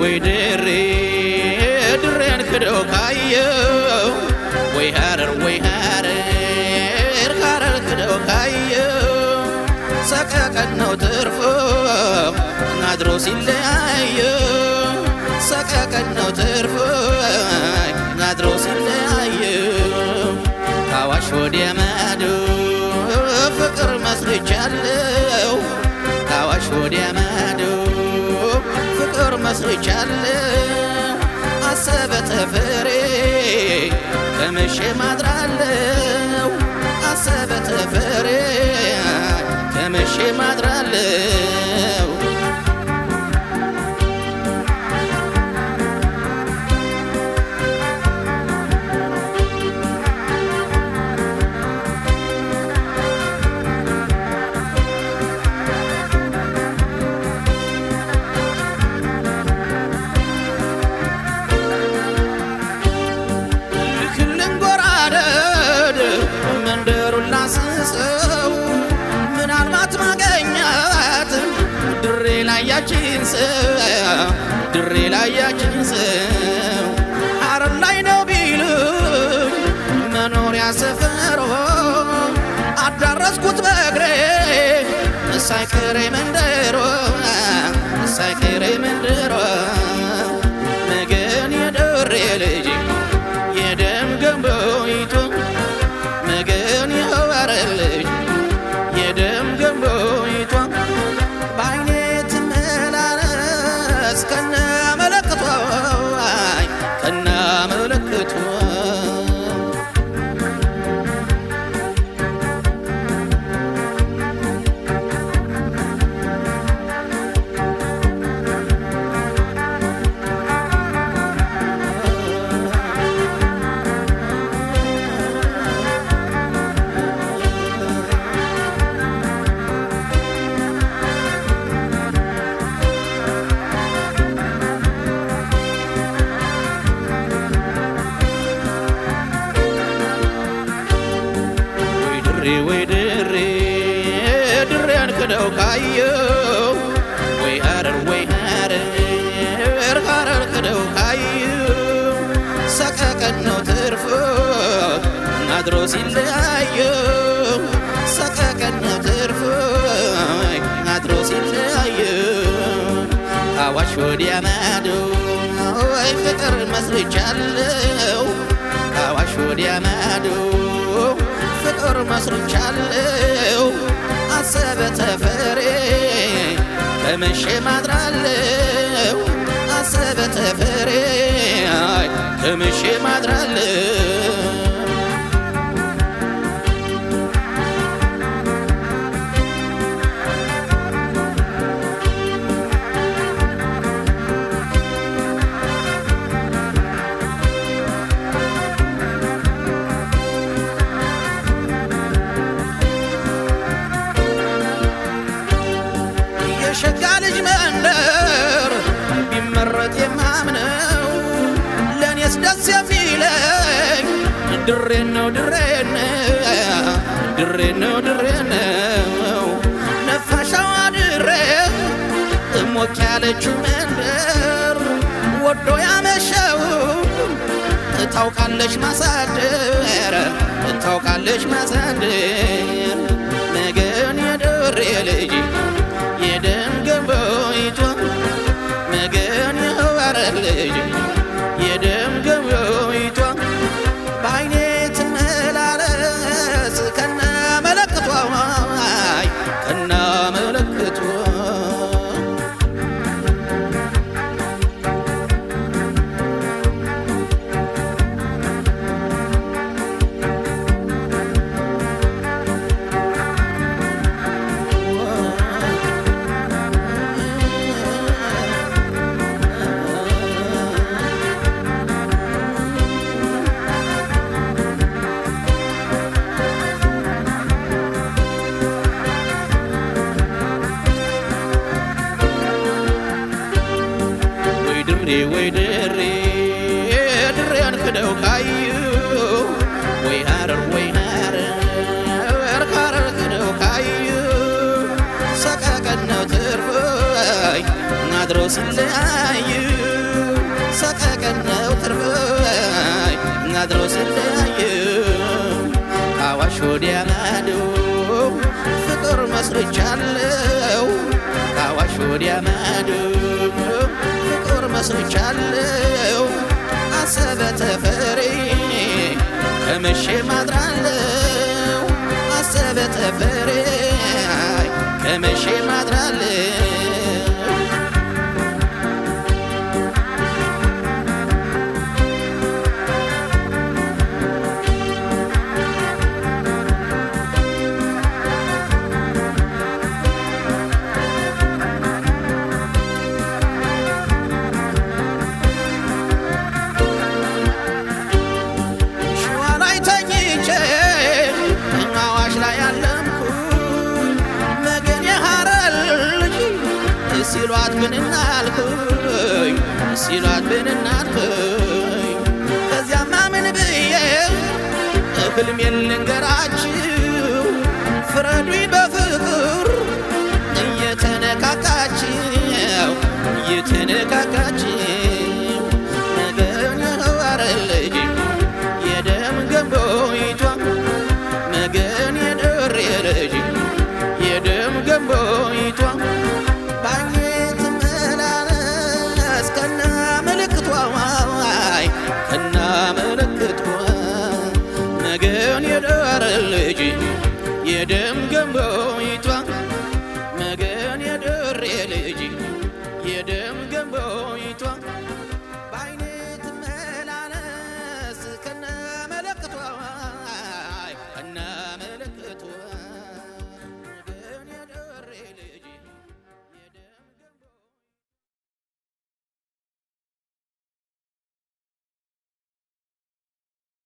ወይ ድሬ ድሬን ክደው ካየው ወይ ሀረር ወይ ሀረር ሀረር ክደው ካየው ሰቀቀን ነው ትርፎ ናድሮ ሲለያየው ሰቀቀን ነው ትርፎ ናድሮ ሲለያየው ካዋሽ ወዲያ ማዶ ፍቅር መስልቻለው ካዋሽ ወዲያ አስርቻለሁ አሰበ ተፈሬ ተመሸ ማድራለሁ ላያችን ሰው ድሬ ላያችን ሰው ሐረር ላይ ነው ቢሉ መኖሪያ ሰፈሮ አዳረስኩት በእግሬ መንደሮ መንደሮ ድሬ ወይ ድሬ ድሬ አንክደው ካየው ወይ ሀረር ወይ ሀረር ሀረር አንክደው ካየው ሰቀቀን ነው ትርፍ ናድሮ ሲለያየው ሰቀቀን ነው ትርፍ ናድሮ ሲለያየው አዋሽ ወዲያ ማዶ ወይ ፍቅር መስልቻለው አዋሽ ወዲያ ማዶ ፍቅር መስርቻለው አሰበ ተፈሬ ተመሼ ማድራለው አሰበ ተፈሬ ተመሼ ማድራለው በእውነት የማምነው ለእኔስ ደስ የሚለኝ ድሬን ነው ድሬን ነው ነው ነፋሻዋ ድሬ ያለችው መንደር ወዶ ያመሸው ታውቃለች ማሳደር ማሳደር ወይ ድሬ ድሬን ክደው ካዩ ወይ ሀረር ወይ ሀረር ሀረር ክደው ካዩ ሰቀቀን ነው ትርፈይ ናድሮ ስለያዩ ሰቀቀን ነው ትርፈይ ናድሮ ስለያዩ ካዋሽ ወዲያ ማዶ ፍቅር መስርቻለው ካዋሽ ወዲያ ማዶ ረስቻለው አሰበ ተፈሪ ከመሼ ማድራለው አሰበ ተፈሪ ከመሼ ማድራለው ሲሏት ምን እናልኩኝ ሲሏት ምን እናልኩኝ ከዚያማ ምን ብዬ እህልም የልንገራችሁ ፍረዱኝ